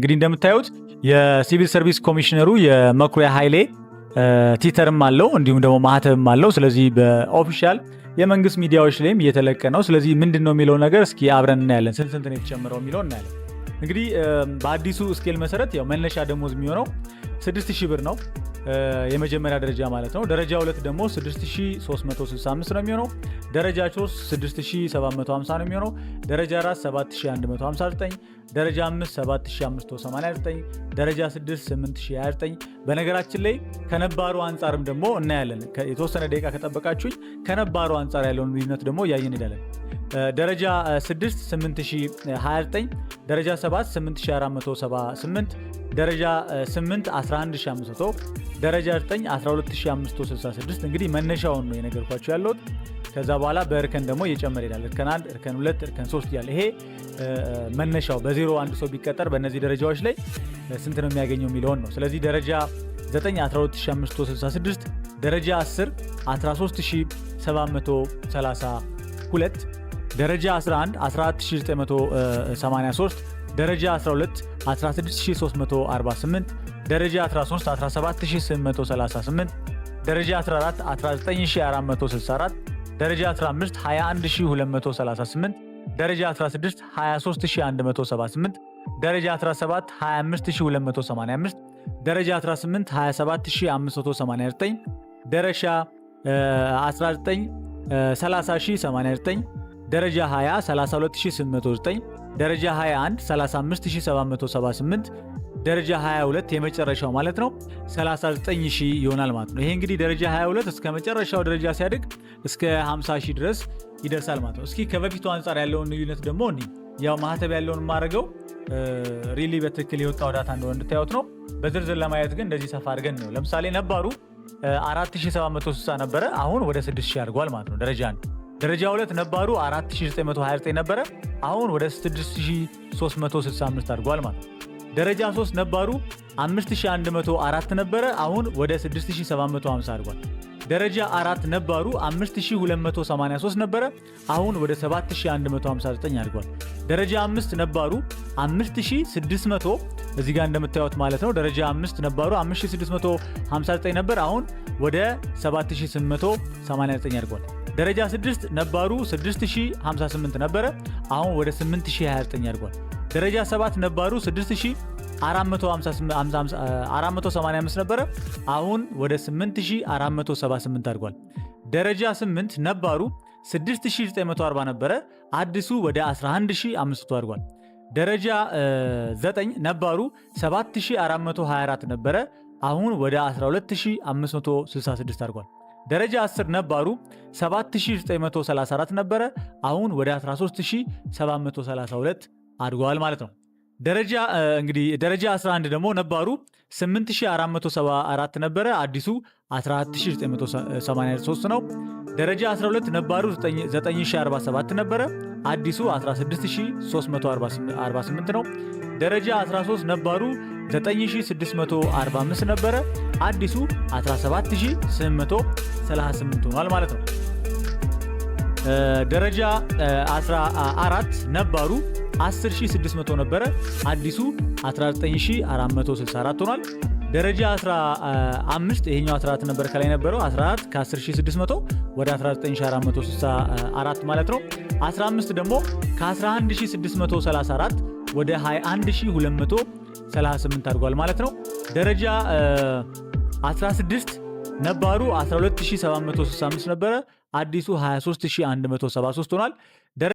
እንግዲህ እንደምታዩት የሲቪል ሰርቪስ ኮሚሽነሩ የመኩሪያ ኃይሌ ቲተርም አለው እንዲሁም ደግሞ ማህተብም አለው። ስለዚህ በኦፊሻል የመንግስት ሚዲያዎች ላይም እየተለቀ ነው። ስለዚህ ምንድን ነው የሚለው ነገር እስኪ አብረን እናያለን። ስንት ስንት ነው የተጨምረው የሚለው እናያለን። እንግዲህ በአዲሱ ስኬል መሰረት ያው መነሻ ደሞዝ የሚሆነው ስድስት ሺህ ብር ነው። የመጀመሪያ ደረጃ ማለት ነው። ደረጃ ሁለት ደግሞ 6365 ነው የሚሆነው። ደረጃ 3 6750 ነው የሚሆነው። ደረጃ 4 7159፣ ደረጃ 5 7589፣ ደረጃ 6 8029። በነገራችን ላይ ከነባሩ አንጻርም ደግሞ እናያለን። የተወሰነ ደቂቃ ከጠበቃችሁኝ ከነባሩ አንጻር ያለውን ልዩነት ደግሞ እያየን ሄዳለን። ደረጃ 6 8029፣ ደረጃ 7 8478፣ ደረጃ 8 11500 ደረጃ 9 12566 እንግዲህ መነሻውን ነው የነገርኳቸው ያለሁት። ከዛ በኋላ በእርከን ደግሞ እየጨመረ ይላል። እርከን 1፣ እርከን 2፣ እርከን 3 እያለ ይሄ መነሻው በዜሮ አንድ ሰው ቢቀጠር በእነዚህ ደረጃዎች ላይ ስንት ነው የሚያገኘው የሚለውን ነው። ስለዚህ ደረጃ 9 12566፣ ደረጃ 10 13732፣ ደረጃ 11 14983፣ ደረጃ 12 16348 ደረጃ 13 17838 ደረጃ 14 19464 ደረጃ 15 21238 ደረጃ 16 23178 ደረጃ 17 25285 ደረጃ 18 27589 ደረጃ 19 30089 ደረጃ 20 32809 ደረጃ 21 35778 ደረጃ 22 የመጨረሻው ማለት ነው 39 ሺህ ይሆናል ማለት ነው። ይሄ እንግዲህ ደረጃ 22 እስከ መጨረሻው ደረጃ ሲያድግ እስከ 50 ሺህ ድረስ ይደርሳል ማለት ነው። እስኪ ከበፊቱ አንጻር ያለውን ልዩነት ደግሞ ያው ማህተብ ያለውን የማደርገው ሪሊ በትክክል የወጣው ዳታ እንደሆነ እንድታዩት ነው። በዝርዝር ለማየት ግን እንደዚህ ሰፋ አድርገን ነው። ለምሳሌ ነባሩ 4760 ነበረ፣ አሁን ወደ 6000 አድርጓል ማለት ነው። ደረጃ አንድ ደረጃ ሁለት ነባሩ 4929 ነበረ፣ አሁን ወደ 6365 አድጓል ማለት ነው። ደረጃ 3 ነባሩ 5104 ነበረ፣ አሁን ወደ 6750 አድጓል። ደረጃ 4 ነባሩ 5283 ነበረ፣ አሁን ወደ 7159 አድጓል። ደረጃ 5 ነባሩ 5600 እዚህ ጋር እንደምታዩት ማለት ነው። ደረጃ 5 ነባሩ 5659 ነበር፣ አሁን ወደ 7889 አድጓል። ደረጃ 6 ነባሩ 6058 ነበረ፣ አሁን ወደ 8029 አድጓል። ደረጃ 7 ነባሩ 6485 ነበረ፣ አሁን ወደ 8478 አድጓል። ደረጃ 8 ነባሩ 6940 ነበረ፣ አዲሱ ወደ 11500 አድጓል። ደረጃ 9 ነባሩ 7424 ነበረ፣ አሁን ወደ 12566 አድጓል። ደረጃ 10 ነባሩ 7934 ነበረ፣ አሁን ወደ 13732 አድጓል ማለት ነው። ደረጃ እንግዲህ ደረጃ 11 ደግሞ ነባሩ 8474 ነበረ፣ አዲሱ 14983 ነው። ደረጃ 12 ነባሩ 9047 ነበረ፣ አዲሱ 16348 ነው። ደረጃ 13 ነባሩ 9645 ነበረ፣ አዲሱ 17838 ሆኗል ማለት ነው። ደረጃ 14 ነባሩ 10600 ነበረ። አዲሱ 19464 ሆኗል። ደረጃ 15 ይሄኛው 14 ነበር ከላይ ነበረው 14 ከ10600 ወደ 19464 ማለት ነው። 15 ደግሞ ከ11634 ወደ 21238 አድጓል ማለት ነው። ደረጃ 16 ነባሩ 12765 ነበረ። አዲሱ 23173 ሆኗል።